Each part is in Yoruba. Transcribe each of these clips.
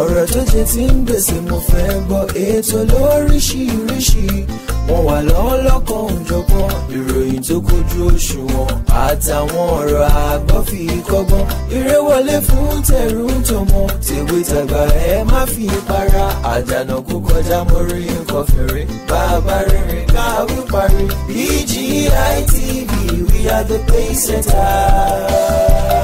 ọ̀rọ̀ tó jẹ ti ń gbèsè mo fẹ́ gbọ́ ètò lóríṣiríṣi wọ́n wà lọ́wọ́ lọ́kàn òjọ̀gbọ́n ìròyìn tó kojú òṣùwọ̀n àtàwọn ọ̀rọ̀ àgbọ́ fi kọ́gbọ́n eré wọlé fún tẹ̀rù tọmọ tèwe tàgbà ẹ má fi para àdànà kó kọjá mo rí nǹkan fèrè bàbá rere káwí parí BGI we are the pace setters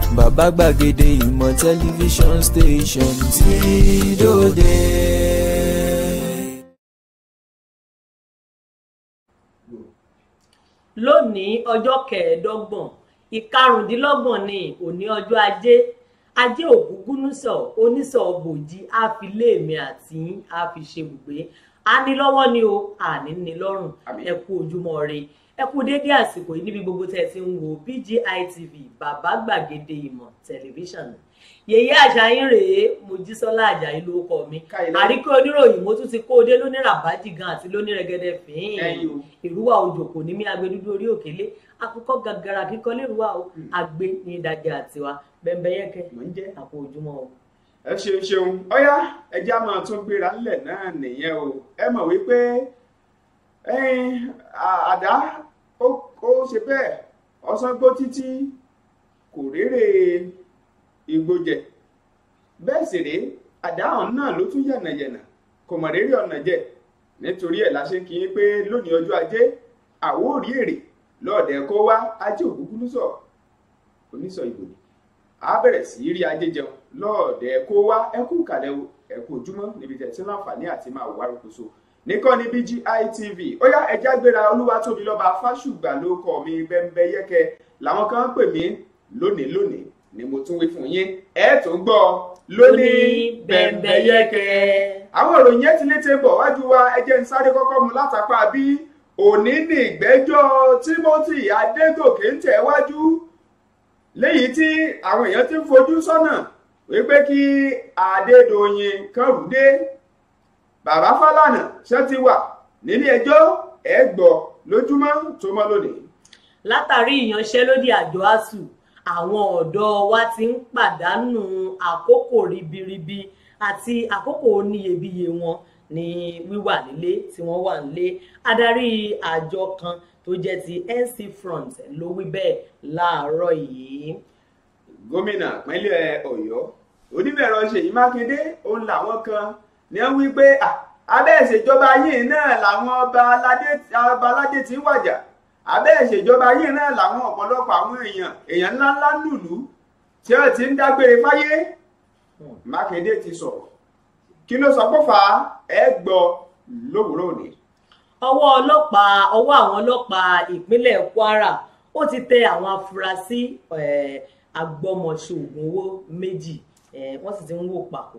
bàbá gbàgede ìmọ̀ tẹlifíṣọ̀n station tí dòde. lónìí ọjọ́ kẹẹ̀ẹ́dọ́gbọ̀n ìkarùndínlọ́gbọ̀n ni òní ọjọ́ ajé ajé ògúngúnúsọ onísọ bòjì àfiléèmí àti àfiṣebùgbé a ní lọ́wọ́ ni o àní ní lọ́rùn ẹ kú ojúmọ́ rẹ ẹ kú dédé àsìkò yìí níbi gbogbo tẹ́ ń wo BGI TV bàbá gbàgede ìmọ̀ tẹlifíṣàn yèyé àṣàyìn rèé mojísọ́lá àjàyí ló kọ mi àríkè oníròyìn mo tún ti kó o dé lóní ràbájì gan àti lóní rẹ̀gẹ̀dẹ̀ fín ìrúwà òjò kò ní mí agbẹdúdú orí òkèlè akókó gàgàrà kíkọ lérúwà o àgbẹ hmm. ní ìdajì àtiwá bẹnbẹyẹkẹ àpò ojúmọ́ o. ẹ ṣeun ṣeun ọyá ẹjẹ máa tún gbéra ńlẹ̀ náà nìyẹn o ẹ mọ̀ wípé àdá ó ṣe bẹ́ẹ̀ ọ̀sángbó títí kò réré igbó jẹ bẹ́ẹ̀ sì rèé àdáhùn náà ló tún yànnàyànnà kò mọ̀ réré ọ̀nà jẹ nítorí ẹ̀ la ṣe ń kí yín pé lónìí ọjọ́ ajé àwo ò rí èrè lọ́ọ̀dẹ̀ kó wá ajé ògúngún sọ onísọ ìbò ni a bẹ̀rẹ̀ sí í rí ajé jẹun lọ́ọ̀dẹ̀ kó wá ẹkú kàlẹ́ ẹkú ojúmọ́ níbi tẹ̀sí láǹfààní àti máa wá rúkúso níkànnì BGI TV ó yá ẹja gbéra olúwatóbi lọ́ba fásùgbà ló kọ mi bẹ́ńbẹ́ yẹ́kẹ làwọn kan pè mí lónìí lónìí ni mo tún wí fún yín ẹ tó gbọ́ lónìí bẹ́ńbẹ́ yẹ́kẹ. àwọn ìròyìn yẹn ti létí bọ̀ wájú wa ẹ jẹ́ n sáré kọ́kọ́ mu látàpá bí òní ní ìgbẹ́jọ́ Timothy Adégòkè ń tẹ̀ wájú léyìí tí àwọn èèyàn ti ń fojú sọ́nà wípé kí Adédọ̀yìn kan rú dé bàbá Fálànà ṣe ti wà nílé ẹjọ́ ẹ gbọ́ lójúmọ́ tó mọ́ lónìí. látàrí ìyanṣẹ́lódì àjọ asuu àwọn ọ̀dọ́ wa ti ń pàdánù àkókò ribiribi àti àkókò oníyebíye wọn ní wíwà nílé tí wọ́n wà nílé adarí àjọ kan tó jẹ́ ti NC Front ló wí bẹ́ẹ̀ láàárọ̀ yìí. gómìnà ìpínlẹ̀ Ọ̀yọ́ oníbẹ̀rọ Ṣèyí Mákindé òun làwọn kan ní wípé abẹ́ ìṣèjọba yìí náà làwọn ọba aládé ti ń wàjà abẹ́ ìṣèjọba yìí náà làwọn ọ̀pọ̀lọpọ̀ àwọn èèyàn èèyàn ńláńlá lùlú tí ó ti ń dágbére fáyé Mákindé ti sọ̀rọ̀ kí ló sọ pọ́fà ẹ gbọ́ lówùúrọ̀ òní. ọwọ́ ọlọ́pàá ọwọ́ àwọn ọlọ́pàá ìpínlẹ̀ Kwara ó ti tẹ àwọn afurasí agbọmọṣe oògùn owó méjì wọ́n sì ti ń wò pàkó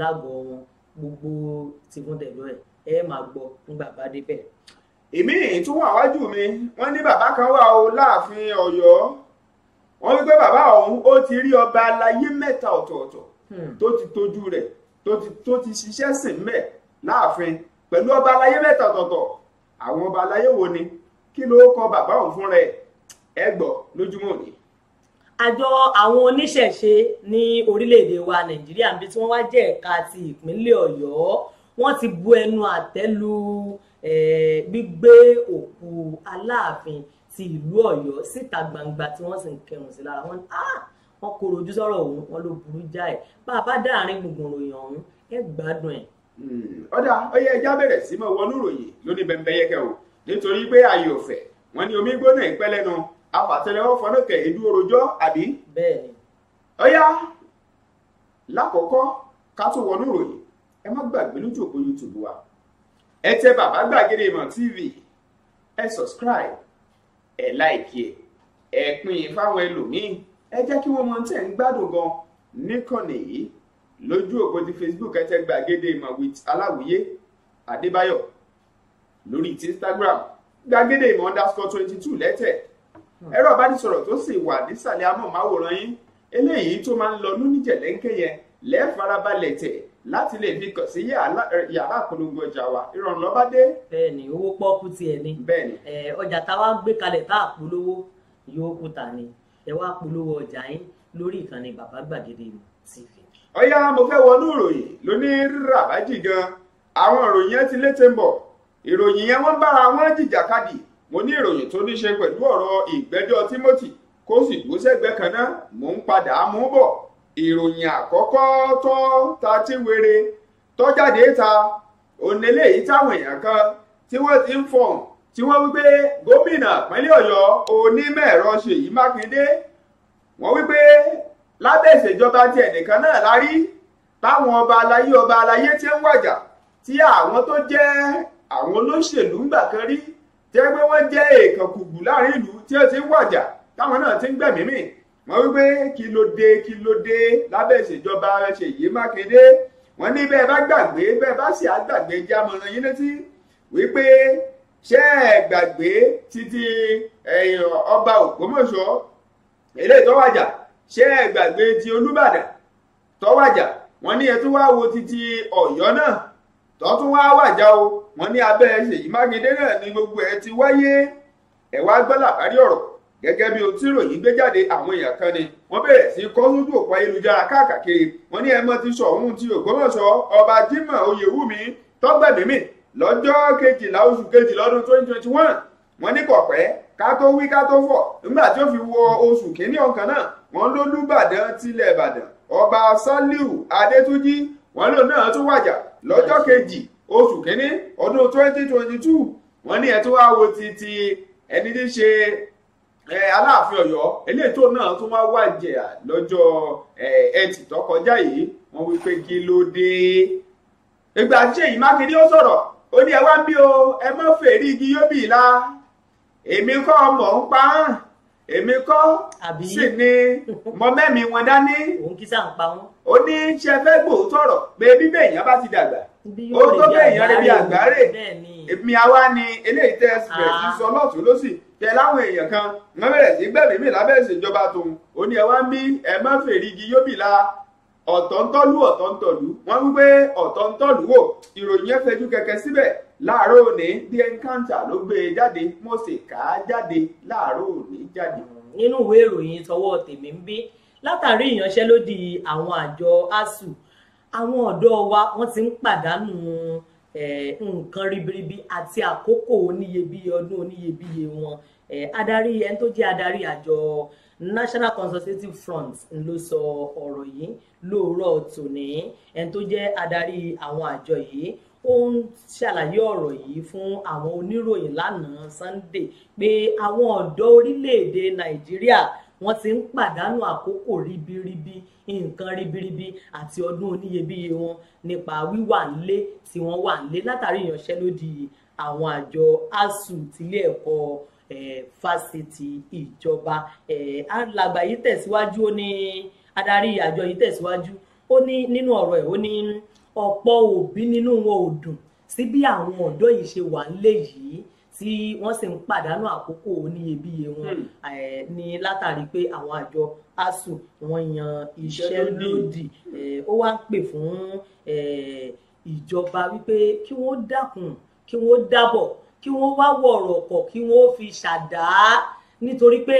lágọ̀ọ́ wọn gbogbo tìfún tẹ̀dọ̀ ẹ̀ ẹ máa gbọ́ nígbà bá débẹ̀. èmi tó wà wájú mi wọ́n ní bàbá kan wà o láàfin Ọ̀yọ́ wọ́n wí pé bàbá ọ̀hún ó ti rí ọba aláyé mẹ́ta ọ̀tọ̀ọ̀tọ̀ hmm. tó ti tọ́jú rẹ̀ tó ti ṣiṣẹ́ sìn mẹ́ láàfin pẹ̀lú ọba aláyé mẹ́ta ọ̀tọ̀ọ̀tọ̀ àwọn ọba aláyé wo ni kí ló kọ bàbá ọ̀hún fúnra ẹ̀ ẹ gbọ́ lójúmọ́ òní àjọ àwọn oníṣẹ̀ṣe ní orílẹ̀-èdè wa nàìjíríà níbi tí wọ́n wá jẹ́ ẹ̀ka ti ìpínlẹ̀ ọ̀yọ́ wọ́n ti bu ẹnu àtẹ́ lu gbígbé òkú aláàfin ti ìlú ọ̀yọ́ síta gbangba tí wọ́n sì ń kẹrùn sí lára wọn wọ́n kóró ojú sọ̀rọ̀ òun wọn ló burú jáì bá a bá dáàrin gbùngbùn ròyìn ọ̀hún ẹ gbádùn ẹ̀. Hmm, ọ̀dà ọyẹ ẹja bẹ̀rẹ̀ sí mọ̀ wọnú ròyìn lónìí bẹ́ńbẹ́yẹ́kẹ́ o nítorí pé ayò ọ̀fẹ́ wọn ní omi gbóná ìpẹ́lẹ́nu afàtẹ́lẹwọ́ fọnàkẹ ìlú orojọ àbí. bẹ́ẹ̀ni. ọyá lákọ̀ọ́kọ́ ká tó wọnú ìròyìn ẹ má gbàgbé lójú òpó youtube wa ẹ tẹ bàbá gbàgede ìmọ̀ tv ẹ subscribe ẹ láìkí ẹ ẹ pín in fáwọn ẹlòmíín ẹ jẹ́ kí wọ́n mọ̀ tẹ̀ ń gbádùn gan níkànnì yìí lójú òpó ti facebook ẹ tẹ gbàgede ìmọ̀ with aláwìyé adébáyọ̀ lórí ti instagram gbàgede ìmọ̀ underscore twenty two lẹ́tẹ̀ ẹ̀rọ ìbánisọ̀rọ̀ tó sì wà nísàlẹ̀ amóhùnmáwòrán yín eléyìí tó máa ń lọ lóníjẹ̀lẹ́ńkẹ́ yẹn lẹ́ẹ̀farabalẹ̀ tẹ̀ láti lè fi kàn sí yàrá àpolongo ọjà wa ìrànlọ́ba dé. bẹ́ẹ̀ni owó pọ́ọ́kú ti ẹ ní. bẹ́ẹ̀ni. ọjà táwa ń gbé kalẹ̀ tá a polówó yóò kú ta ni ẹ wá polówó ọjà yín lórí ìkànnì bàbá gbàgede TV. ọ̀yá mo fẹ́ wọnú ìròyìn lóní rírà bá jì gan àwọn ìròyìn yẹn ti létè ń bọ̀ ìròyìn yẹn wọ́n bára wọn jìjàkadì mo ní ìròyìn tó ní ṣe pẹ̀lú ọ̀rọ̀ ìgbẹ́jọ́ Timothy kó sì dúró sẹ́gbẹ́ kan náà mò ń padà mú bọ̀ ìròyìn àkọ́kọ́ tó ta tí wéré tó jáde ta oníléyìí táwọn èèyàn kan tí wọ́n ti ń fọ̀n tí wọ́n wípé gómìnà ìpínlẹ̀ Ọ̀yọ́ onímọ̀-ẹ̀rọ Ṣèyí Mákindé wọ́n wípé lábẹ́ ìṣèjọba ti ẹnìkan náà lárí táwọn ọba aláyé ọba aláyé ti ń wàjà tí àwọn tó jẹ́ àwọn olóṣèlú ń gbà kan rí tẹ́ pé wọ́n jẹ́ èèkàn kùgbù láàrin ìlú tí ó ti ń wàjà táwọn náà ti ń gbẹ̀mí mì wọ́n wí pé kí ló dé kí ló dé lábẹ́ ìṣèjọba Ṣèyí Mákindé wọ́n ní bẹ́ẹ̀ bá gbàgbé bẹ́ẹ̀ bá sì á gbàgbé jẹ́ amọ̀ràn yín létí wípé ṣé ẹ gbàgbé títí ọba Ògbómọ̀ṣọ́ eléyìí tó wàjà ṣé ẹ gbàgbé ti Olúbàdàn tó wàjà wọ́n ní ẹ tún wá wo títí Ọ̀yọ́ náà tó tún wá wàjà o wọ́n ní abẹ́ Ṣèyí Mákindé náà ni gbogbo ẹ̀ ti wáyé ẹ̀ wá gbọ́ làbárí ọ̀rọ̀ gẹ́gẹ́ bí ohun tí ìròyìn gbé jáde àwọn èèyàn kan ni wọ́n bẹ̀rẹ̀ sí kọ́ sójú òpó ayélujára káàkiri wọ́n ní ẹmọ ti sọ ohun ti Ògbómọ̀ṣọ́ ọba Jimoh Oyèwùmí tọ́gbẹ̀mímì lọ́jọ́ kejìlá oṣù kejìlá ọdún twenty twenty one wọ́n ní kọ̀pẹ́ ká tó wí ká tó fọ̀ nígbà tí ó fi wọ oṣù kínní ọ̀kan náà wọ́n ló lùbàdàn tilẹ̀ Ìbàdàn ọba Sàlíù Adétúnjì wọ́n lò náà tún wàjà lọ́jọ́ kejì oṣù kínní ọdún twenty twenty two wọ́n ní ẹ̀ tó wá wo ti ti ẹni tí ń ṣe aláàfin Ọ̀yọ́ eléyìí tó náà tó máa wájẹ lọ́jọ́ ẹtì tó kọjá yìí wọ́n wí pé kí ló dé ìgbà tí Ṣèyí Mákindé ó sọ̀rọ̀ ó ní ẹ wá ń bí o ẹ má fèrí igi yóò bì í la èmi kọ́ ọmọ ń pa án èmi kọ́ sì ni mọ mẹ́mi wọn dání òun kí sáà ń pa wọn. ó ní ṣe fẹ́ gbòótọ́ ọ̀rọ̀ pé bíbẹ̀ èèyàn bá ti dàgbà ó tó bẹ́ẹ̀ èèyàn rẹ bí àgbáre èmi àwa ni eléyìí tẹ́ bẹ̀rẹ̀ sí ah. sọ lọ́tún lọ́sì tẹ láwọn èèyàn kan wọ́n bẹ̀rẹ̀ sí gbẹ̀mí mi lábẹ́ ìṣèjọba tòun ó ní ẹ wá ń bí ẹ má fèrè igi yóò bì la ọ̀tọ̀ ń tọ́lú ọ̀tọ̀ ń tọ̀lú wọ́n ń gbé ọ̀tọ̀ ń tọ̀lú wò ìròyìn yẹn fẹjú kẹ̀kẹ́ síbẹ̀ láàárọ̀ òní the encounter ló gbé e jáde mo sì kà á jáde láàárọ̀ òní jáde. nínú ìwé ìròyìn tọwọ́ tèmi ń bí látàrí ìyanṣẹ́lódì àwọn àjọ asuu àwọn ọ̀dọ́ wa wọ́n ti ń pàdánù nǹkan ribiribi àti àkókò oníyebíye ọdún oníyebíye wọn adarí ẹni tó jẹ́ adarí àjọ National Consultative Front ló sọ ọ̀rọ̀ yìí lóòrọ̀ tòní ẹni tó jẹ́ adarí àwọn àjọ yìí ó ń ṣàlàyé ọ̀rọ̀ yìí fún àwọn oníròyìn lánàá Sunday pé àwọn ọ̀dọ́ orílẹ̀-èdè Nàìjíríà wọ́n ti ń pàdánù àkókò ribiribi nǹkan ribiribi àti ọdún oníyebíye wọn nípa wíwà nílé tí wọ́n wà nílé látàrí ìyanṣẹ́lódì àwọn àjọ asuu tilé ẹ̀kọ́ fásitì ìjọba alàgbà yìí tẹ̀síwájú ó ní adarí àjọ yìí tẹ̀síwájú ó ní nínú ọ̀rọ̀ ẹ̀ ó ní ọ̀pọ̀ òbí nínú wọn ò dùn sí bí àwọn ọ̀dọ́ yìí ṣe wà nílé yìí tí wọ́n sì ń pàdánù àkókò oníyebíye wọn hmm. ní látàrí pé àwọn àjọ asuu wọ́n yan iṣẹ́ lòdì ó wá ń pè fún ìjọba wípé kí wọ́n dákun kí wọ́n dábọ̀ kí wọ́n wá wọ̀rọ̀ ọ̀kọ̀ kí wọ́n fi ṣàdá nítorí pé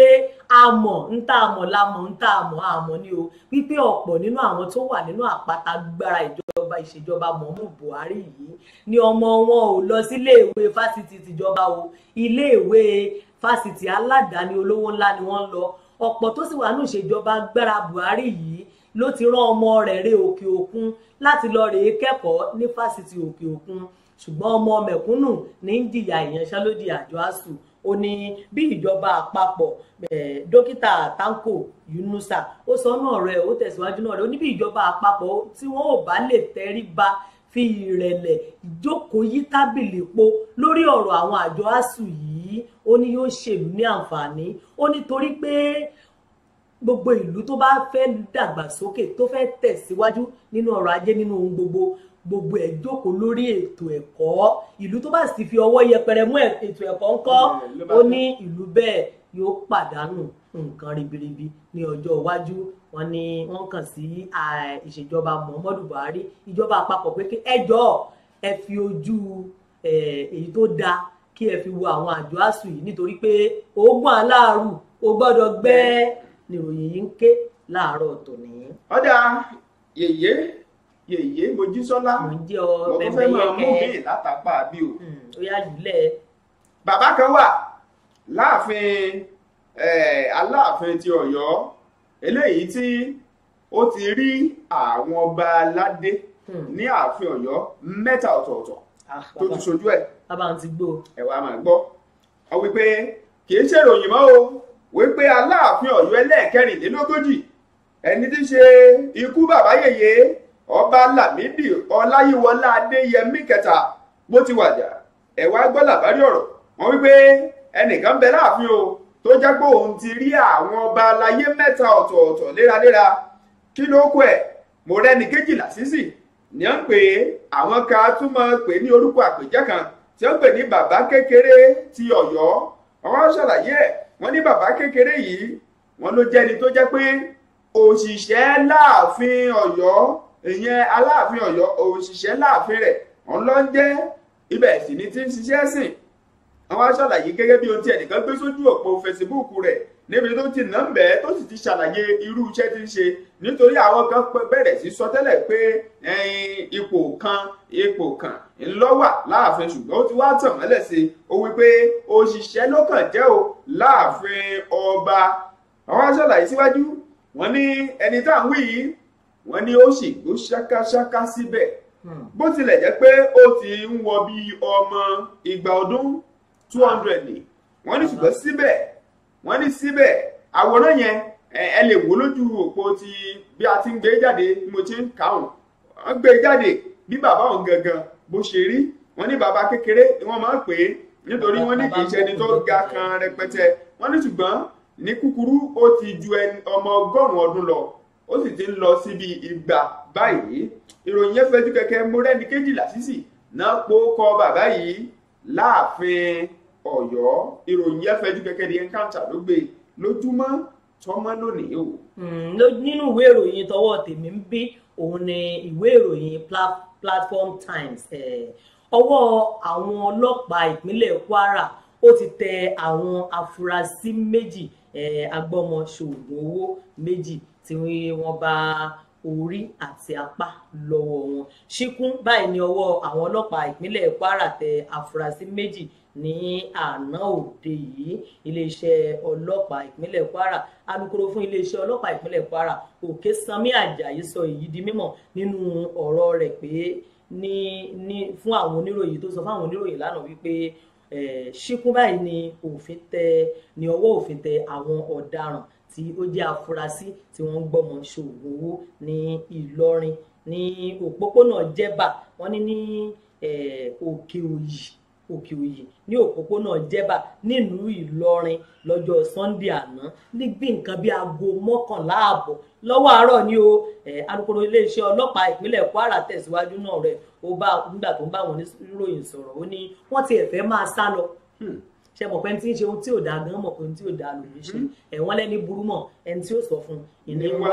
a mọ̀ ń tá a mọ̀ la mọ̀ ń tá a mọ̀ a ni o wípé ọ̀pọ̀ nínú àwọn tó wà nínú àpáta gbára ìjọba ìjọba ìṣèjọba Muhammadu Buhari yìí ni ọmọ wọn ò lọ síléèwé fásitì tìjọba o iléèwé fásitì aládàáni olówó ńlá ni wọ́n lọ ọ̀pọ̀ tó sì wà ní ìṣèjọba agbára Buhari yìí ló ti rán ọmọ rẹ̀ rè òkè òkun láti lọ rèé kẹ́kọ̀ọ́ ní fásitì òkè òkun ṣùgbọ́n ọmọ mẹ̀kúnnù ní ń jìyà ìyanṣẹ́lódì àjọ asuu ó ní bí ìjọba àpapọ̀ dókítà Tanko Yunusa ó sọ náà rẹ̀ ó tẹ̀síwájú náà rẹ̀ ó ní bí ìjọba àpapọ̀ tí wọ́n ò bá lè tẹríba fi ìrẹ̀lẹ̀ ìjókòó yí tábìlì po lórí ọ̀rọ̀ àwọn àjọ asuu yìí ó ní yóò ṣèlú ní àǹfààní ó ní torí pé gbogbo ìlú tó bá fẹ́ dàgbàsókè tó fẹ́ tẹ̀síwájú nínú ọrọ̀ ajé nínú ohun gbogbo gbogbo ẹ̀ jókòó lórí ètò ẹ̀kọ́ ìlú tó bá sì fi ọwọ́ yẹpẹrẹ mú ètò ẹ̀kọ́ ńkọ́ mm, ó ní ìlú bẹ́ẹ̀ yóò pàdánù nǹkan ribiribi ní ọjọ́ iwájú wọn ni wọ́n kàn sí ìṣèjọba Muhammadu Buhari ìjọba àpapọ̀ pé kí ẹ jọ̀ọ́ ẹ fi ojú èyí tó dáa kí ẹ fi wo àwọn àjọ àsù yìí nítorí pé oògùn aláàrù o gbọ́dọ̀ gbẹ́ nìròyìn yìí ń ké láàárọ̀ tòní. ọ̀dà yèyé yèyé mojísọ́lá mo tún fẹ́ máa mú mi látàpá bí o. Hmm, bàbá kan wà láàfin aláàfin ti Ọ̀yọ́ eléyìí tí ó ti rí àwọn ọba aládé hmm. ní ààfin Ọ̀yọ́ mẹ́ta ọ̀tọ̀ọ̀tọ̀ ah, tó ti ṣojú ẹ̀. bàbá ń ti gbó. ẹ wàá máa gbọ́ ọ wípé kì í ṣèròyìn mọ́ o wípé aláàfin Ọ̀yọ́ ẹlẹ́ẹ̀kẹrìnlélógójì ẹni tí ń ṣe ikú bàbá yèyé ọba lámìdí ọláyíwọlá adéyẹmí kẹta bó ti wàjà ẹ̀wá gbọ́ làbárí ọ̀rọ̀ wípé ẹnìkan bẹ láàfin o tó jẹ́ pé òun ti rí àwọn ọba aláyé mẹ́ta ọ̀tọ̀ọ̀tọ̀ léraléra kí ló kọ ẹ̀ mo rẹ́ni kejìlá sísì ní à ń pè é àwọn ká tún máa pè ní orúkọ àpèjẹ kan tí wọ́n pè ní bàbá kékeré ti ọ̀yọ́ wọ́n ṣàlàyé ẹ̀ wọ́n ní bàbá kékeré yìí wọ́n ló jẹ́ni tó jẹ́ pé òṣìṣẹ́ láàfin ọ̀yọ́ ìyẹn aláàfin Ọ̀yọ́ òṣìṣẹ́ láàfin rẹ̀ òun ló ń jẹ́ ibẹ̀ sì ni ti ń ṣiṣẹ́ sìn àwọn aṣàlàyé gẹ́gẹ́ bí ohun tí ẹnìkan gbé sójú òpó Facebook rẹ̀ níbi tó ti nà ń bẹ́ẹ̀ tó sì ti ṣàlàyé irú iṣẹ́ tí ń ṣe nítorí àwọn kan bẹ̀rẹ̀ sí sọ tẹ́lẹ̀ pé ipò kan ipò kan ńlọ́wà láàfin ṣùgbọ́n ó ti wá tàn mọ́lẹ̀ sí i ó wí pé òṣìṣẹ́ ló kàn jẹ́ o láàfin ọba àwọn aṣàlàyé síwájú wọ́n ní ẹni tá à ń wí yìí wọ́n ní ó sì gbó ṣákáṣáká síbẹ̀ hmm. bó tilẹ̀ jẹ́ pé ó ti ń wọ bí ọmọ igba ọdún two hundred ni wọ́n ní ṣùgbọ́n síbẹ̀ wọ́n ní síbẹ̀ àwòrán yẹn ẹ lè wò lójú òpó ti bí a ti ń gbé jáde bí mo ti ń kà ó wọ́n gbé jáde bí bàbá òun gangan bó ṣe rí wọ́n ní bàbá kékeré ni wọ́n máa ń pè é nítorí wọ́n ní kì í tó ga kan rẹpẹtẹ wọ́n ní ṣùgbọ́n ní kúkúrú ó ti ju ọmọ ọgọ́rùn-ún ọdún lọ ó sì ti ń lọ síbi igba báyìí ìròyìn yẹn fẹjú kẹkẹ mọrẹni kejìlá sísì náà pò kọ bàbá yìí láàfin Ọ̀yọ́ ìròyìn yẹn fẹjú kẹkẹ di encounter ló gbé lójúmọ́ tọmọ lónìí o. Hmm, nínú ìwé ìròyìn tọwọ́ tèmi ń bí òun ni ìwé ìròyìn platform times ọwọ́ àwọn ọlọ́pàá ìpínlẹ̀ Kwara. Eh, ó ti tẹ àwọn afurasí méjì agbọ́mọ ṣòògùn owó méjì tí wọ́n bá orí àti apá lọ́wọ́ wọn ṣíkún báyìí ní ọwọ́ àwọn ọlọ́pàá ìpínlẹ̀ Kwara tẹ afurasí méjì ní àná òde yìí iléeṣẹ́ ọlọ́pàá ìpínlẹ̀ Kwara alukoro fún iléeṣẹ́ ọlọ́pàá ìpínlẹ̀ Kwara Òkèsanmí Àjàyí sọ èyí di mímọ̀ nínú ọ̀rọ̀ rẹ̀ pé ní ní fún àwọn oníròyìn tó sọ fún àwọn oníròyìn lánàá wípé Eh, ṣíkún báyìí ni òfin tẹ ní ọwọ́ òfin tẹ àwọn ọ̀daràn tí ó jẹ́ afurasí tí wọ́n ń gbọ́mọ ṣòwò owó ní Ìlọrin ní òpópónà Jẹ̀bà wọ́n ní ní eh, òkè òyì òkè òyì ní òpópónà jẹ́bà nílùú ìlọrin lọ́jọ́ sunday àná nígbì nǹkan bíi aago mọ́kànlá ààbọ̀ lọ́wọ́ àárọ̀ ni o alukoro iléeṣẹ́ ọlọ́pàá ìpínlẹ̀ kwara tẹ̀síwájú náà rẹ̀ ó bá nígbà tó ń bá wọn níròyìn sọ̀rọ̀ ó ní wọ́n ti ẹ̀fẹ́ máa sá lọ hmm ṣe mọ̀ pé ẹni tí ń ṣe ohun tí ò dáa gan mọ̀ pé ohun tí ò dáa ló ń ṣe hmm. ẹ̀wọ́n lẹ́ni burú mọ̀ ẹni tí ó sọ fún ìní wa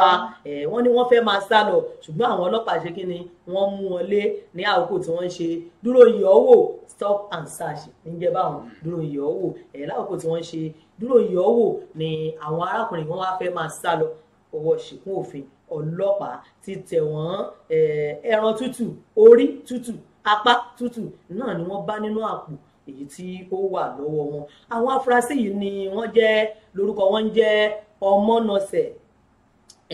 wọ́n ní wọ́n fẹ́ máa sá lọ ṣùgbọ́n àwọn ọlọ́pàá ṣe kí ni wọ́n mú wọn lé ní àkókò tí wọ́n ń ṣe dúró yọ̀ọ́wò stop and search níjẹ́ báwọn dúró yọ̀ọ́wò ẹ̀ lákòókò tí wọ́n ń ṣe dúró yọ̀ọ́wò ni àwọn arákùnrin wọn wá fẹ́ máa sá lọ ọwọ́ ṣìkún òfin ọlọ́pàá ti tẹ̀ wọ́n ẹran tútù orí tútù apá tútù náà ni wọ́n bá nínú àpò èyí tí ó wà lọ́wọ́ wọn àwọn afurasí yìí ni wọ́n jẹ́ lórúkọ wọn jẹ́ ọmọnọsẹ̀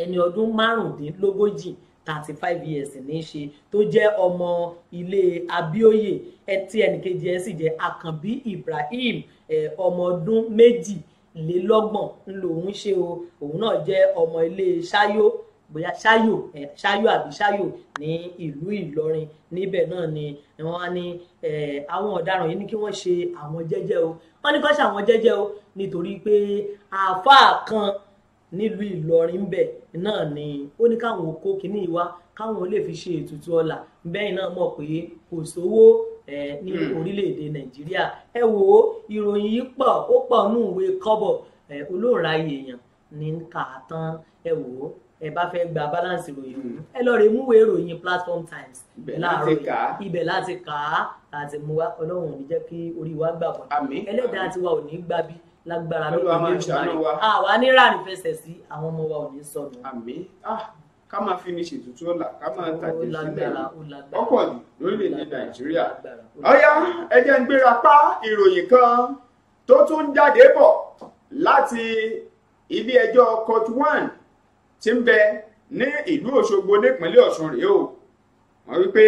ẹni ọdún márùndínlógójì thirty five years ní í ṣe tó jẹ́ ọmọ ilé abíóyè tí ẹnìkejì ẹ̀ sì jẹ́ àkànbí ibrahim ọmọ ọdún méjìlélọ́gbọ̀n ńlò òun ṣe o òun náà jẹ́ ọmọ ilé ṣáyó bóyá ṣáyò ṣáyò àbí ṣáyò ní ìlú ìlọrin níbẹ̀ náà ni wọ́n ní àwọn ọ̀daràn yìí ní kí wọ́n ṣe àwọn jẹ́jẹ́ o wọ́n ní kó ṣe àwọn jẹ́jẹ́ o nítorí pé àáfàá kan nílùú ìlọrin bẹ̀ náà ni ó ní káwọn kó kínní ìwá káwọn lè fi ṣe ètùtù ọlà bẹ́ẹ̀ náà mọ̀ pé kò sówó ní hmm. orílẹ̀-èdè nàìjíríà ẹ wò ó ìròyìn yìí pọ̀ ó pọ̀ ẹ wò ó ẹ bá fẹ́ gba balance ìròyìn ọ̀hún ẹ lọ rè múwèé ìròyìn platform times láàárọ̀ ibẹ̀ láti kà á àti mú wa ọlọ́run ò ní jẹ́ kí orí wa gbà wọ́n ẹlẹ́dàá tiwa ò ní gbà bí lágbára lórí ìwé ìjọba àwa ní ràní fẹsẹ̀ sí àwọn ọmọ wa ò ní sọnù. àmín ah, ká máa fi ní ṣètùtù ọ̀la ká máa tàjẹ́ sílẹ̀ ọ̀pọ̀ jù lórílẹ̀‐èdè nàìjíríà ọ̀yá ẹ jẹ́ ń gbéra pa ìròyìn kan tó tún jáde bọ̀ láti ilé ẹjọ́ court one tí ń bẹ ní ìlú Òṣogbo nípínlẹ̀ Ọ̀ṣun rèé o wọ́n wí pé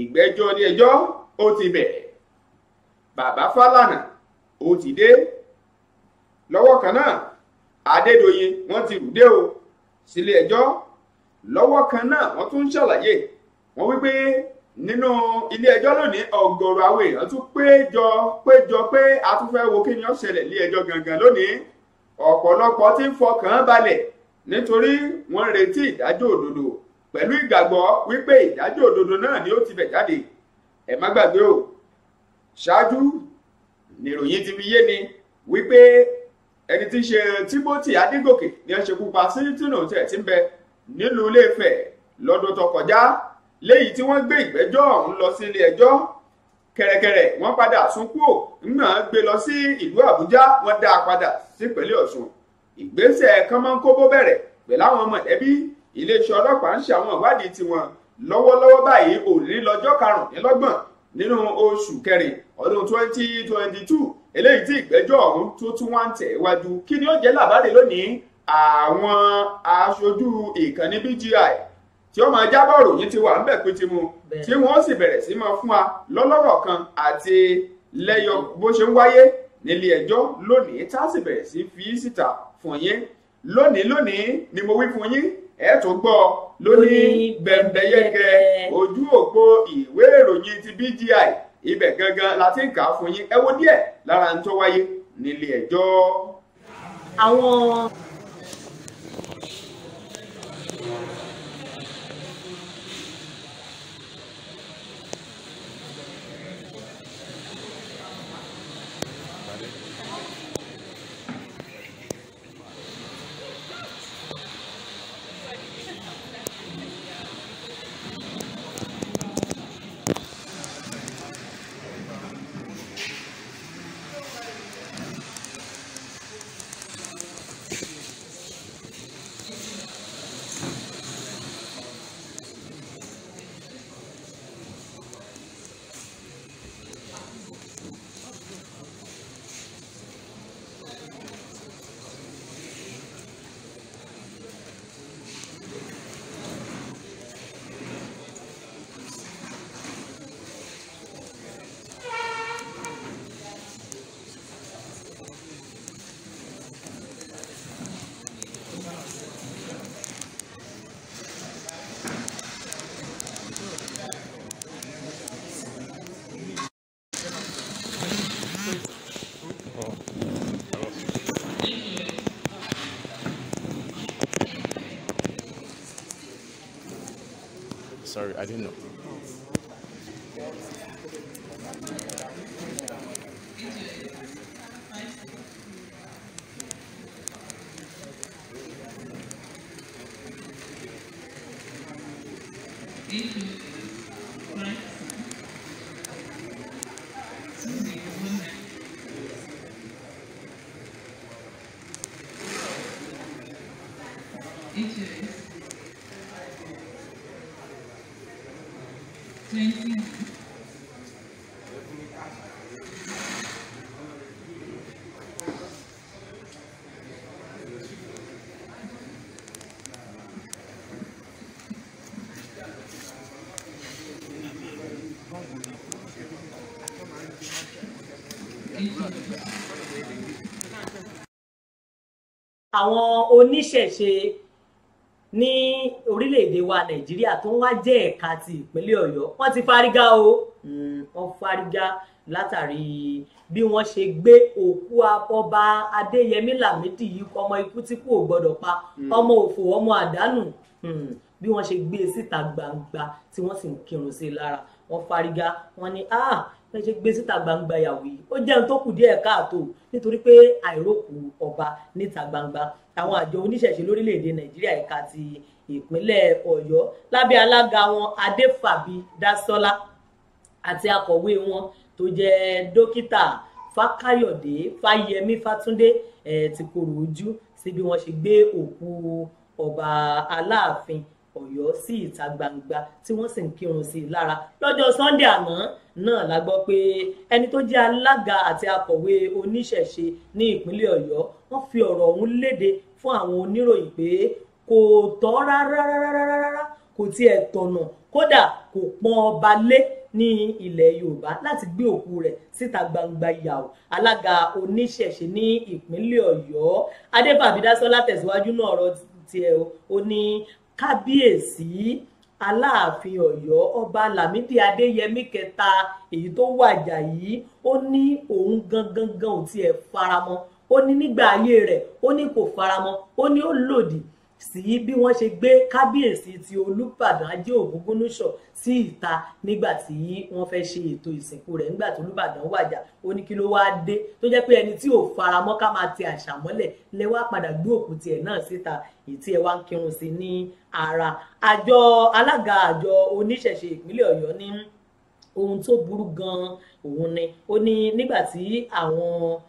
ìgbẹ́jọ́ ní ẹjọ́ ó ti bẹ̀rẹ̀ bàbá Fálànà ó ti dé lọ́wọ́ kan náà Adédoyin wọ́n ti rù dé o sílé ẹjọ́ lọ́wọ́ kan náà wọ́n tún ṣàlàyé wọ́n wí pé nínú ilé ẹjọ́ lónìí ọ̀gọ̀rọ̀ àwọn èèyàn tún péjọ péjọ pé a tún fẹ́ wo kí ni ó ṣẹlẹ̀ ilé ẹjọ́ gangan lónìí ọ̀pọ̀lọpọ̀ tí ń fọkàn balẹ̀ nítorí wọ́n retí ìdájọ́ òdodo pẹ̀lú ìgbàgbọ́ wípé ìdájọ́ òdodo náà ni ó ti fẹ̀ jáde ẹ má gbàgbé o ṣáájú nìròyìn ti fi yé ni wípé ẹni tí ń ṣe Timothy Adégòkè ni ẹ ṣekú pa sínú tẹ̀ tí ń bẹ nílùú Ilé-Ifẹ̀ lọ́dún tó kọjá léyìí tí wọ́n gbé ìgbẹ́jọ́ ọ̀hún lọ sí ilé ẹjọ́ kẹ̀rẹ̀kẹ̀rẹ̀ wọ́n padà sún kúò ńnà gbé lọ sí ìlú Àbújá wọ́n dá a padà sípínlẹ̀ Ọ̀ṣun ìgbésẹ̀ kánmọ́nkóbó bẹ̀rẹ̀ pẹ̀lú àwọn mọ̀lẹ́bí iléeṣẹ́ ọlọ́pàá ń ṣe àwọn ìwádìí tiwọn lọ́wọ́lọ́wọ́ báyìí òní lọ́jọ́ karùnúnlọ́gbọ̀n nínú oṣù kẹrin ọdún twenty twenty two eléyìí tí ìgbẹ́jọ́ ọ̀hún tó tún wá ń tẹ̀ wájú kí ni ó jẹ́ làbáde lónìí àwọn aṣojú ìkànnì BGI tí ó máa jábọ̀ ròyìn ti wà ńbẹ̀ pété mu tí wọ́n sì bẹ̀rẹ̀ sí máa fún wa lọ́lọ́rọ̀ kan àti lẹ́yọ bó ṣe ń wáyé nílé ẹjọ́ lónìí tá a sì bẹ̀rẹ̀ sí fi síta fún yín lónìí lónìí ni mo wí fún yín ẹ tó gbọ́ lóní gbẹ̀ǹdẹ̀yẹkẹ ojú òpó ìwé ìròyìn ti BGI ibẹ̀ gangan la ti ń kà á fún yín ẹ wo díẹ̀ lára ń tó wáyé nílé ẹjọ́. àwọn sorry, I didn't know. àwọn oníṣẹ̀ṣe ní orílẹ̀-èdè wa nàìjíríà tó ń wá jẹ́ ẹ̀ka ti ìpínlẹ̀ ọ̀yọ́ wọ́n ti fárígá o hmm. wọ́n fárígá látàrí bí wọ́n ṣe gbé òkú ọba adéyẹmí lámìdí yìí ọmọ ikú tí kò gbọ́dọ̀ pa hmm. ọmọ òfò ọmọ àdánù hmm, bí wọ́n ṣe gbé e síta gbangba tí wọ́n sì ń kírun sí i lára wọ́n fárígá wọ́n ní ah, ṣe gbé síta gbangba ìyàwó yìí ó jẹun tó kù díẹ̀ káàtó nítorí pé àìrókù ọba níta gbangba àwọn àjọ oníṣẹ̀ṣe lórílẹ̀‐èdè nàìjíríà ẹ̀ka ti ìpínlẹ̀ ọ̀yọ́ lábẹ́ alága wọn adéfàbí dásọ́lá àti akọ̀wé wọn tó jẹ́ dókítà fákáyọ̀dé fáyẹmí fátúndé ẹ̀ eh, ti korò ojú sí bí wọ́n ṣe gbé òkú ọba aláàfin ọ̀yọ́ sí ìta gbangba tí wọ́n sì ń kírun sí i lára lọ́jọ́ sunday àná náà la gbọ́ pé ẹni tó jẹ́ alága àti akọ̀wé oníṣẹ̀ṣe ní ìpínlẹ̀ ọ̀yọ́ wọ́n fi ọ̀rọ̀ ọ̀hún léde fún àwọn oníròyìn pé kò tọ́ rárá kò tiẹ̀ tọ̀nà kódà kò pọ́n ọba lé ní ilẹ̀ yorùbá láti gbé òkú rẹ̀ síta gbangba yàwó alága oníṣẹ̀ṣe ní ìpínlẹ̀ ọ̀yọ́ adébàbí dásọ́lá tẹ̀síwájú náà ọ̀rọ̀ tiẹ̀ o ó ní kábíyèsí aláàfin ọ̀yọ́ ọba lámìdí adéyẹmí kẹta èyí tó wàjà yìí ó ní òun gangan gan ò tiẹ̀ faramọ́ ó ní nígbà ayé rẹ̀ ó ní kò faramọ́ ó ní ó lòdì sí bí wọ́n ṣe gbé kábíyèsí ti olùbàdàn ajé ògúngúnníṣọ̀ sí ìta nígbà tí wọ́n fẹ́ ṣe ètò ìsìnkú rẹ̀ nígbà tí olùbàdàn wàjà ó ní kí ló wáá dé tó jẹ́ pé ẹni tí ò faramọ́ ká máa ti àṣà mọ́lẹ̀ lẹ wá padà gbé òkú tiẹ̀ náà síta èyí tí ẹ wá ń kírun sí ní ara àjọ alága àjọ oníṣẹ̀ṣe ìpínlẹ̀ ọ̀yọ́ ní ohun tó burú gan-an òun ni ó ní nígbà tí àwọn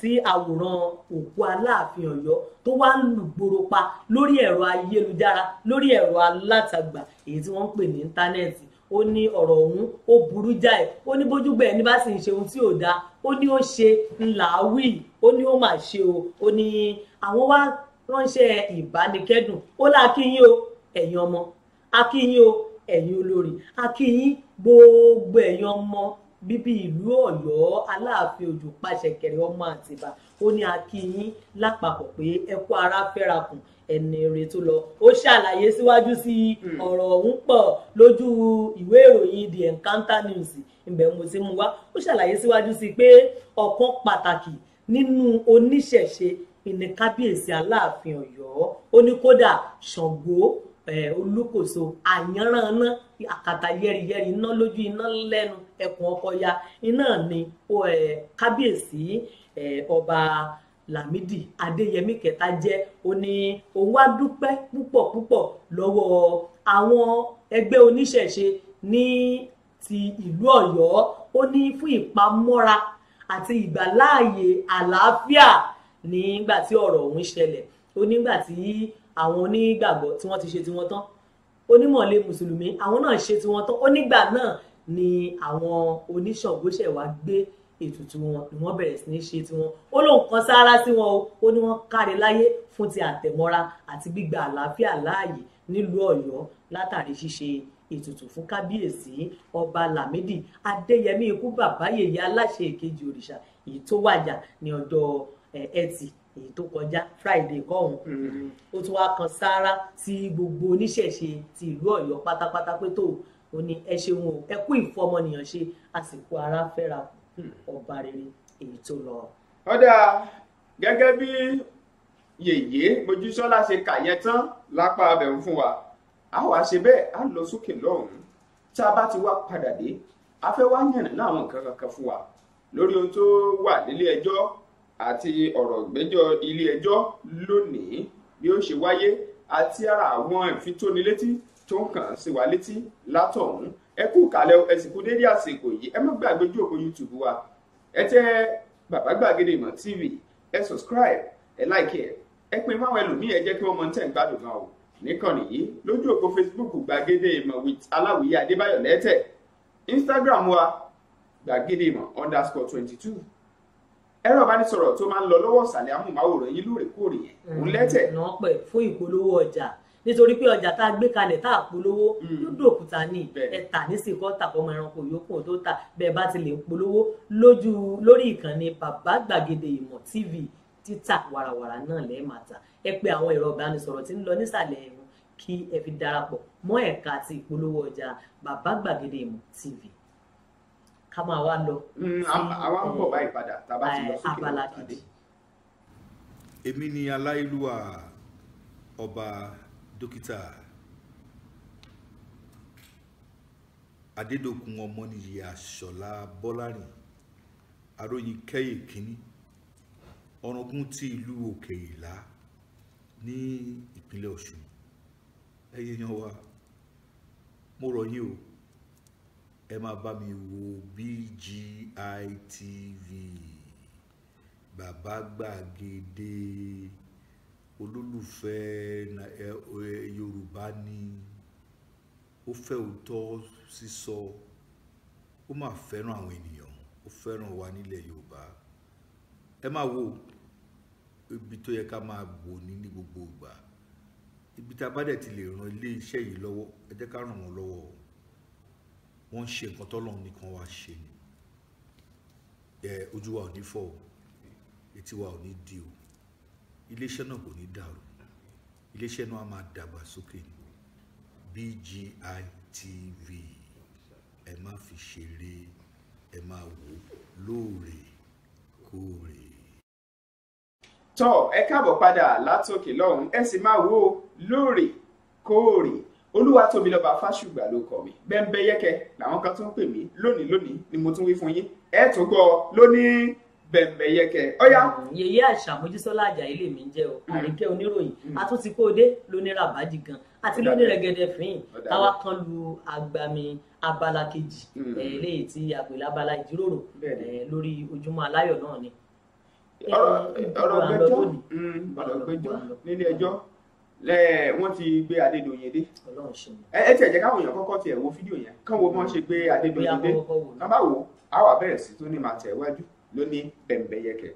tí àwòrán òkú aláàfin Ọ̀yọ́ tó wá ń lù gbòòrò pa lórí ẹ̀rọ ayélujára lórí ẹ̀rọ alátagbà èyí tí wọ́n ń pè ní íńtánẹ́ẹ̀tì ó ní ọ̀rọ̀ ọ̀hún ó burú jáì ó ní bójúgbà ẹni bá sì ń ṣe ohun tí ò dáa ó ní ó ṣe ńláwì ó ní ó mà ṣe o ó ní àwọn wá ránṣẹ́ ìbánikẹ́dùn ó lá kí yín o ẹ̀yin ọmọ a kí yín o ẹ̀yin olórí a kí yín gbogbo ẹ̀yin ọmọ bíbí ìlú Ọ̀yọ́ Aláàfin Òjò Pàṣẹkẹrẹ ọmọ Àtìbà ó ní akínyín lápapọ̀ pé ẹ kú ara fẹ́rakùn ẹni rè tó lọ ó ṣàlàyé síwájú sí hmm. ọ̀rọ̀ ọ̀hún pọ̀ lójú ìwé ìròyìn The Encounter News ìbẹ̀ mo ti mú wá ó ṣàlàyé síwájú sí pé ọ̀kan pàtàkì nínú oníṣẹ̀ṣe ìní kábíyèsí Aláàfin Ọ̀yọ́ ó ní kódà Ṣàngó olókòso àyànràn iná àkàtà yẹriyẹri iná lójú iná lẹ́nu ẹkùn ọkọ ya iná ni kábíyèsí ọba Lámìdí Adéyẹmí kẹta jẹ́ ó ní òun wá dúpẹ́ púpọ̀ púpọ̀ lọ́wọ́ àwọn ẹgbẹ́ oníṣẹ̀ṣe ní ti ìlú Ọ̀yọ́ ó ní fún ìpamọ́ra àti ìgbàláàyè àlàáfíà nígbà tí ọ̀rọ̀ ọ̀hún ṣẹlẹ̀ ó nígbà tí àwọn onígbàgbọ́ tí wọ́n ti ṣe tiwọn tán onímọ̀lé mùsùlùmí àwọn náà ṣe tiwọn tán onígbà náà ni àwọn oníṣàngóṣẹ̀ wá gbé ètùtù wọn ni wọ́n bẹ̀rẹ̀ sí ní ṣe tiwọn ó lóun kan sáárá sí wọn o ó ní wọ́n káre láyé fún ti àtẹ̀mọ́ra àti gbígba àlàáfíà láàyè nílùú Ọ̀yọ́ látàrí ṣíṣe ètùtù fún kábíyèsí ọba Lámídì Adéyẹmí ikú bàbá yèyé aláṣẹ èkejì òrìṣà èyí tó wàjà ní ọjọ́ eh, ẹtì èyí tó kọjá friday kọ́hún mm-hmm. ó tún wá kan sáárá sí gbogbo oníṣẹ̀ṣe ti ìlú ọ̀yọ́ pátápátá pé tó o ní ẹ ṣeun o ẹ kú ìfọmọnìyàn ṣe àsìkò ara fẹ́ra ọba rere èyí tó lọ. ọ̀dà gẹ́gẹ́ bí yèyé mojísọ́lá ṣe kà yẹn tán lápá abẹ̀ ń fún wa a wàá ṣe bẹ́ẹ̀ a lọ sókè lọ́hùn-ún tá a bá ti wá padà dé a fẹ́ wá yànnà láwọn nǹkan kankan fún wa lórí ohun tó wà nílé ẹjọ́ àti ọ̀rọ̀ ìgbẹ́jọ́ ilé-ẹjọ́ lónìí bí ó ṣe wáyé àti ara àwọn ìfitónilétí tó ń kàn sí wa létí látọ̀hún ẹ kú kàlẹ̀ ẹ sì kú déédé àsìkò yìí ẹ má gbàgbé ojú òpó youtube wa ẹ tẹ bàbá gbàgede ìmọ̀ tv ẹ subscribe ẹ like ẹ ẹ pin fáwọn ẹlòmíì ẹ jẹ́ kí wọ́n mọ tẹ̀ ń gbádùn náà o nìkànnì yìí lójú òpó facebook gbàgede ìmọ̀ with aláwìyé adébáyọ̀ lẹ́tẹ̀ instagram wa gbàgede ìmọ̀ underscore twenty two ẹ̀rọ ìbánisọ̀rọ̀ tó máa ń lọ lọ́wọ́ ìsàlẹ̀ amúmáwòrán yín lóòrèkóòrè yẹn mm. òun lẹ́tẹ̀. ná pẹ̀ fún ìpolówó ọjà nítorí pé ọjà tá a gbé kalẹ̀ tá a polówó mm. yóò dòkúta ní ẹ̀ta nísìkọ́ tàkọ́mọ ẹranko yòókù tó ta bẹ́ẹ̀ bá ti lè polówó lójú lórí ìkànnì bàbá gbàgede ìmọ̀ tv títà wàràwàrà náà lẹ́ẹ̀ máa ta ẹ pé àwọn ẹ̀rọ ìbánisọ̀rọ̀ tí ń lọ nísàlẹ̀ ẹ̀rùn kí ẹ fi darapọ̀ mọ́ ẹ̀ka ti ìpolówó ọjà bàbá gbàgede ìmọ̀ tv ká máa wá lọ. àwa mm, ń bọ̀ eh, báyìí padà tàbá ti lọ eh, sókè lọ́wọ́ tàbí. èmi ni aláìlúwà ọba dókítà adédọ̀kun ọmọnìyí àṣọlá bọ́lárìn aróyin kẹ́yè kínní ọ̀ràngún ti ìlú òkè ìlá ní ìpínlẹ̀ ọ̀ṣun ẹ̀yẹ̀yàn wa mo rọ̀ yín o ẹ máa bá mi wo BGI TV bàbá gbàgede olólùfẹ́ Yorùbá ni ó fẹ́ òótọ́ sísọ ó máa fẹ́ràn àwọn ènìyàn ó fẹ́ràn wa nílẹ̀ Yorùbá ẹ máa wo ibi tó yẹ ká máa wò ní ní gbogbo ìgbà ibi tá a bá dẹ̀ ti lè ran ilé iṣẹ́ yìí lọ́wọ́ ẹ jẹ́ ká ràn wọ́n lọ́wọ́ o wọ́n ń ṣe nǹkan tọ́lọ́run nìkan wá ṣe ni ojú wa ò ní fọ́ o etí wa ò ní di o iléeṣẹ́ náà kò ní dàrú iléeṣẹ́ náà a máa dàgbà sókè ni BGI TV ẹ má fi ṣeré ẹ máa wò ó lóòrèkóòrè. tọ́ ẹ káàbọ̀ padà látòkè lọ́hùn-ún ẹ sì máa wò ó lóòrèkóòrè olúwatóbilọ́ba fásùgbà ló kọ mi bẹ́ńbẹ́yẹ́kẹ́ làwọn kan tún ń pè mí lónìí lónìí ni mo tún wí fún yín ẹ tó gbọ́ lónìí bẹ̀m̀bẹ̀yẹkẹ ọ̀yá. yèyé àṣà mojísọ́lá àjà ilé mi ń jẹ́ o hmm. àríkẹ́ oníròyìn hmm. a tún ti kó o dé lónírà bájì gan àti lónírẹ̀gẹ̀dẹ̀ fín táwa kan lu agbami abala kejì hmm. eléyìí tí àpèlè abala ìjíròrò lórí ojúmọ́ aláyọ̀ náà ni. ọ̀rọ̀ ọ̀rọ̀ gbẹ́jọ́ wọ́n ti gbé Adédoyin dé ẹ tiẹ̀ jẹ́ káwọn èèyàn kọ́kọ́ tiẹ̀ wo fídíò yẹn kán wo bọ́n ṣe gbé Adédoyin dé kán bá wò á wà bẹ̀rẹ̀ sí tó ní màá tẹ̀ wájú lóní bẹ̀m̀bẹ̀yẹkẹ̀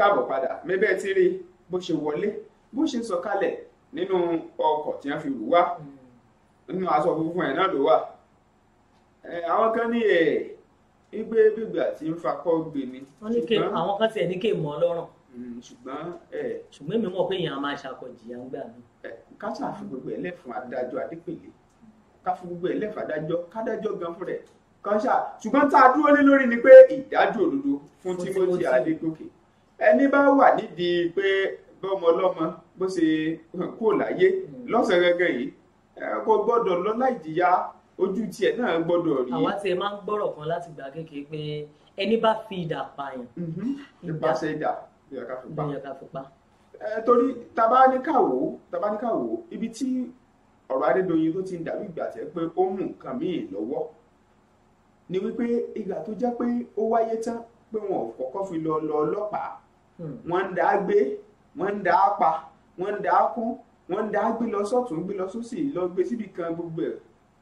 káàbọ̀ padà mẹ́bẹ́ ti rí bó ṣe wọlé bó ṣe sọ̀kalẹ̀ nínú ọkọ̀ tí wọ́n fi rù wá nínú aṣọ funfun ẹ̀ náà ló wà àwọn kan ní ẹ̀ igbe gbígbà tí ń fakọ́ gbé ni. àwọn kan tiẹ̀ ní kí n mọ̀ lọ́rùn. Hmm, ṣùgbọ́n ṣùgbọ́n èmi mọ̀ pé èèyàn máa ṣàkọjìyà ń gbà mí. ká ṣàfihàn gbogbo ẹ̀ lẹ́fun adájọ́ adépèlé ká fún gbogbo ẹ̀ lẹ́fun adájọ́ kádájọ́ gan fún rẹ̀ kan ṣá ṣùgbọ́n tá a dúró lé lórí ni pé ìdájọ́ òdodo fún Timothy Adégòkè ẹni bá wà nídìí pé bọ́mọ ọlọ́mọ bó ṣe kú láyé hmm. lọ́sẹ̀ gẹ́gẹ́ yìí kò gbọ́dọ̀ lọ láì jìyà ojú tiẹ̀ náà gbọ́dọ̀ rí. àwa tiẹ̀ máa ń gbọ́rọ̀ kan láti gbà kékeré pé ẹni bá fi idà pààyàn. ìpàṣẹ mm-hmm. idà ìyàká fi pa. torí tabaníkàwó tabaníkàwó ibi tí ọ̀rọ̀ Adédoyin tó ti ń dàbí ìgbà tẹ́ pé ó mú nǹkan míì lọ́wọ́ ni wípé ìgbà tó jẹ́ pé ó wáyé tán pé wọn ò kọ́kọ́ fi lọ lọ ọlọ́pàá wọ́n ń dá gbé wọ́n ń dá pa wọ́n ń dá kún wọ́n ń dá gbé lọ sọ́tún gbé lọ sósì lọ gbé síbi kan gbogbo ẹ̀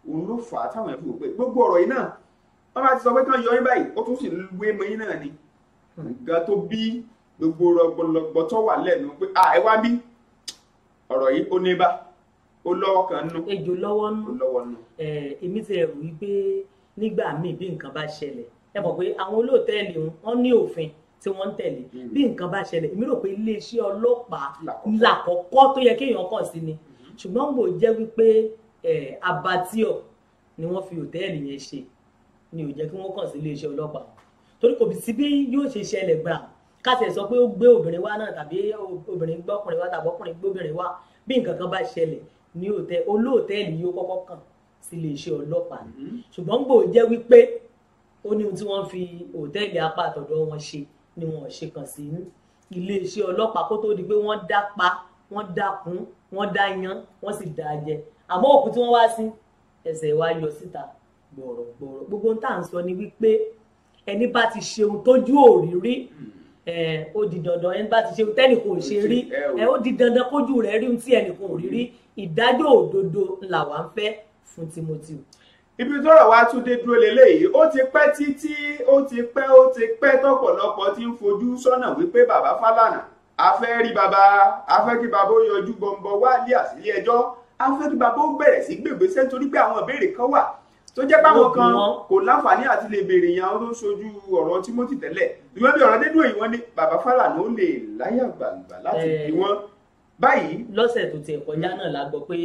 òun ló fà á táwọn ẹ̀fọ́ pé gbogbo ọ̀rọ̀ yìí náà wọ́n bá ti sọ pé kí wọ́n yọ yín báyìí ó tún sì ń wé mọ́ yín náà ni nǹkan tó bí gbogbo rọgbọlọgbọ tó wà lẹ́nu pé à ẹ wá bí ọ̀rọ̀ yìí ó ní bá ó lọ́wọ́ kan nù. ejò lọ́wọ́ nù èmi ti rẹ̀ wí pé nígbà míì bí nǹkan bá ṣẹlẹ̀ ẹ mọ̀ pé àwọn olóòtẹ́ẹ̀lì wọn ní òfin tí wọ́n ń tẹ̀lé mm-hmm. bí nǹkan bá ṣẹlẹ̀ èmi rò pé iléeṣẹ́ ọlọ́pàá làkọ́kọ́ tó yẹ kéèyàn kàn sí ni mm-hmm. ṣùgbọ́n gbò jẹ́ wípé abatio ni wọ́n fi òtẹ́ẹ̀lì yẹn ṣe ni ò jẹ́ kí wọ́n kàn sí iléeṣẹ́ ọlọ́pàá torí kò sí bí yóò ṣe ṣẹlẹ̀ gbà kásẹ̀ sọ pé ó gbé obìnrin wá náà tàbí obìnrin gbọ́kùnrin wá tàbí ọkùnrin gbóbìnrin wá bí nǹkan kan bá ṣẹlẹ̀ ní òtẹ́ olóòtẹ́ẹ̀lì yóò kọ́kọ́ kàn sí iléeṣẹ́ ọlọ́pàá mm-hmm. ṣùgbọ́n gbò jẹ́ wípé ó ní ohun tí wọ́n fi òtẹ́ẹ̀lì apá àtọ̀dọ̀ wọn ṣe ni wọ́n ṣe kàn sí iléeṣẹ́ ọlọ́pàá kó tó di pé wọ́n dápa wọ́n dákun wọ́n dáyan wọ́n sì dá jẹ àmọ́ òkú tí wọ́n wá sí ẹsẹ̀ wa yọ síta gbọ̀rọ̀gbọ̀rọ̀ gbogbo tá à ń sọ ni wípé ẹni bá ti ṣe ohun tójú òrírí ó di dandan ẹni bá ti ṣe ohun tẹ́nìkan ò ṣe rí ó di dandan kójú rẹ̀ rí ohun tí ẹnìkan ò rí rí ìdájọ́ òdodo làwa ń fún Timothy ibi tọ́rọ̀ wá túndé dúró leléyìí ó ti pẹ́ títí ó ti pẹ́ ó ti pẹ́ tọ́pọ̀lọpọ̀ ti ń fojú sọ́nà wípé bàbá Fálànà afẹ́ rí bàbá afẹ́ kí bàbá ó yọjú gbọ̀ngbọ̀n wá ilé àsílẹ̀ ẹjọ́ afẹ́ kí bàbá ó bẹ̀rẹ̀ sí gbègbèsẹ́ nítorí pé àwọn ìbéèrè kan wà tó jẹ́ báwọn kan kò láǹfààní àti lè béèrè yẹn àwọn tó ń sojú ọ̀rọ̀ Timothy tẹ́lẹ̀ ìwọ́n bí ọ̀rọ̀ dédú èyí wọ́n ní bàbá Fálànà ó lè láyà gbàgbà láti bí wọ́n báyìí. lọ́sẹ̀ tó tiẹ̀ kọjá náà la gbọ́ pé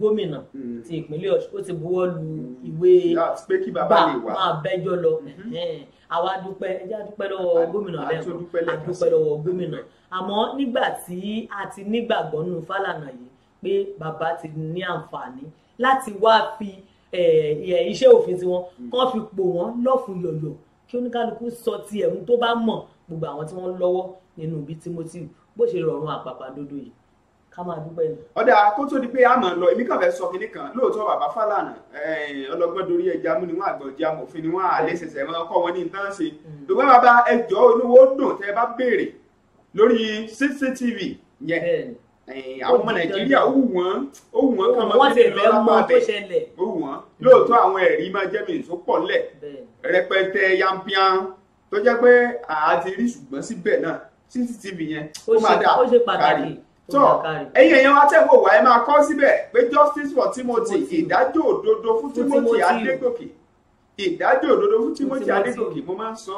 gómìnà hmm. ti ìpínlẹ̀ ọ̀ṣun ó ti buwọ́ lu hmm. ìwé bá máa bẹ́jọ́ lọ hmm. àwa dúpẹ́ ẹjẹ́ àdúpẹ́ lọ́wọ́ gómìnà lẹ́kọ̀ọ́ àdúpẹ́ lọ́wọ́ gómìnà àmọ́ nígbà tí a ti nígbàgbọ́ nù Fálànà yìí pé bàbá ti ní àǹfààní láti wá fi iṣẹ́ òfin tiwọn kán fi pò wọ́n lọ́fun yọ̀yọ̀ kí oníkálukú sọ ti ẹ̀hún tó bá mọ̀ gbogbo àwọn tí wọ́n lọ́wọ́ nínú ibi Timothy bó ṣe rọrùn àpàpàǹdodo yìí ká máa dúpẹ́ ni. ọ̀dà kó tó di pé a máa lọ èmi kàn fẹ́ sọ kinní kan lóòótọ́ bàbá Fálànà ọlọ́gbọ́n dorí ẹja mú ni wọ́n àgbọ̀jẹ́ amòfin ni wọ́n àlẹ́ sẹ̀sẹ̀ wọn kọ́ wọn ní nǹkan ṣe. dùgbọ́n mm. bàbá ẹjọ́ olówó dùn tẹ́ bá béèrè lórí CCTV yẹn àwọn ọmọ nàìjíríà ó wù wọn ó wù wọn kàn máa fi lọ lápá bẹ ó wù wọn lóòótọ́ àwọn ẹ̀rí máa jẹ́ mi tó pọ̀ lẹ̀ rẹpẹtẹ yampian tó jẹ́ pé àá ti rí ṣùgbọ́n síbẹ̀ náà CCTV yẹn ó máa dà kárí tọ ẹ̀yin èèyàn wa tẹ̀wọ̀ wá ẹ máa kọ́ síbẹ̀ pé justice for Timothy ìdájọ́ òdodo fún Timothy Adégòkè ìdájọ́ òdodo fún Timothy Adégòkè mo máa sọ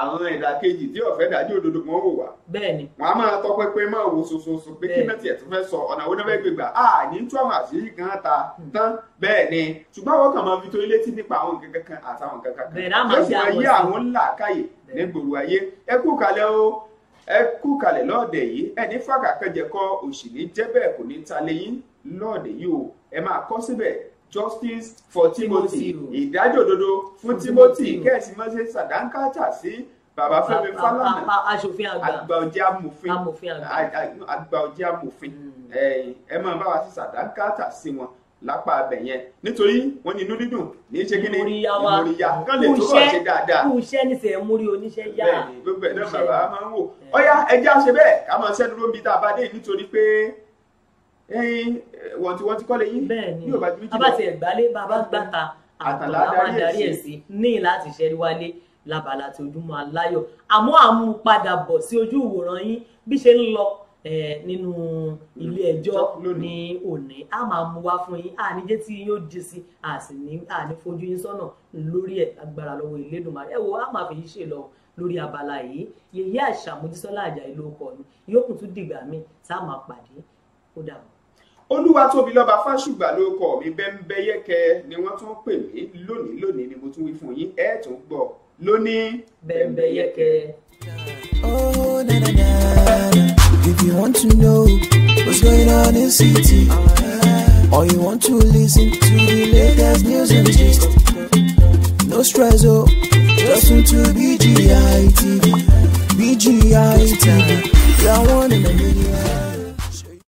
àwọn ìdàkejì tí ọ̀fẹ́ dájú òdodo wọn wò wá wọn a máa tọpinpin máa wo sososo pé kí mẹ́tì ẹ̀ fẹ́ sọ ọ̀nà àwọn onífẹ́ a ní àwọn àṣírí kan ta hmm. tán bẹ́ẹ̀ ni ṣùgbọ́n àwọn kan máa fi tó ilé nípa àwọn kan àtàwọn kankan kan kan tó máa àwọn ẹ kú kalẹ̀ lọ́ọ̀dẹ̀ yìí ẹni fàkà kẹjẹkọ òṣìní jẹ́bẹ̀ kò ní ta lẹ́yìn lọ́ọ̀dẹ̀ yìí o ẹ máa kọ́ síbẹ̀ justice for Timothy ìdájọ́ òdodo fún Timothy kẹ́sì mọ́ṣẹ́ sàdánkátà sí bàbá Fẹ́mi Fálànà àgbà ọ̀jẹ̀ amòfin àgbà ọ̀jẹ̀ amòfin hmm. ẹ máa bá wa sí sàdánkátà sí wọn lápá abẹ yẹn nítorí wọn ní inú dídùn ní í ṣe kí ni ìmúríyá kán lè tó bọ̀ ṣe dáadáa. kú iṣẹ́ ní sẹ̀ múrí oníṣẹ́ yá. bẹ́ẹ̀ni gbogbo ẹ̀ náà bàbá máa ń wò ọ̀yá ẹjẹ́ àṣẹ bẹ́ẹ̀ ká máa ṣẹ́ dúró níbi tá a bá dé nítorí pé wọ́n ti wọ́n ti kọ́lé yín. bẹ́ẹ̀ni bàbá ti ẹ̀gbálé bàbá gbàtà àtàlà adarí ẹ̀ sí ní láti ṣẹ́rí wálé lábala ti ojúmọ́ aláyọ̀ àmọ́ àmú padà bọ̀ sí ojú ìwòran yín bí ṣe ń lọ nínú ilé ẹjọ́ ní òní a máa mú wá fún yín àníjẹ́ tí yóò di sí àní fojú yín sọ́nà lórí ẹ̀ agbára lọ́wọ́ ìlédùnmarè ẹ wo a máa fi yín ṣe lọ lórí abala yìí yèyé àṣàmójísọ́lá àjàyí ló kọ ni yókùn tún dìgbà mi tá a máa pàdé ó dàbọ̀. olúwatóbi lọ́ba fáṣùgbà ló kọ mi bẹ́ńbẹ́yẹ́kẹ ni wọ́n tún pè mí lónìí lónìí ni mo tún wí fún yín ẹ tún gbọ́ lónìí bẹ́ńbẹ́yẹ́kẹ. ó oh, dáadáa. you want to know what's going on in city, uh, or you want to listen to the latest news and gist, no stress, oh, just want to BGI TV, BGI TV, you're one in a million.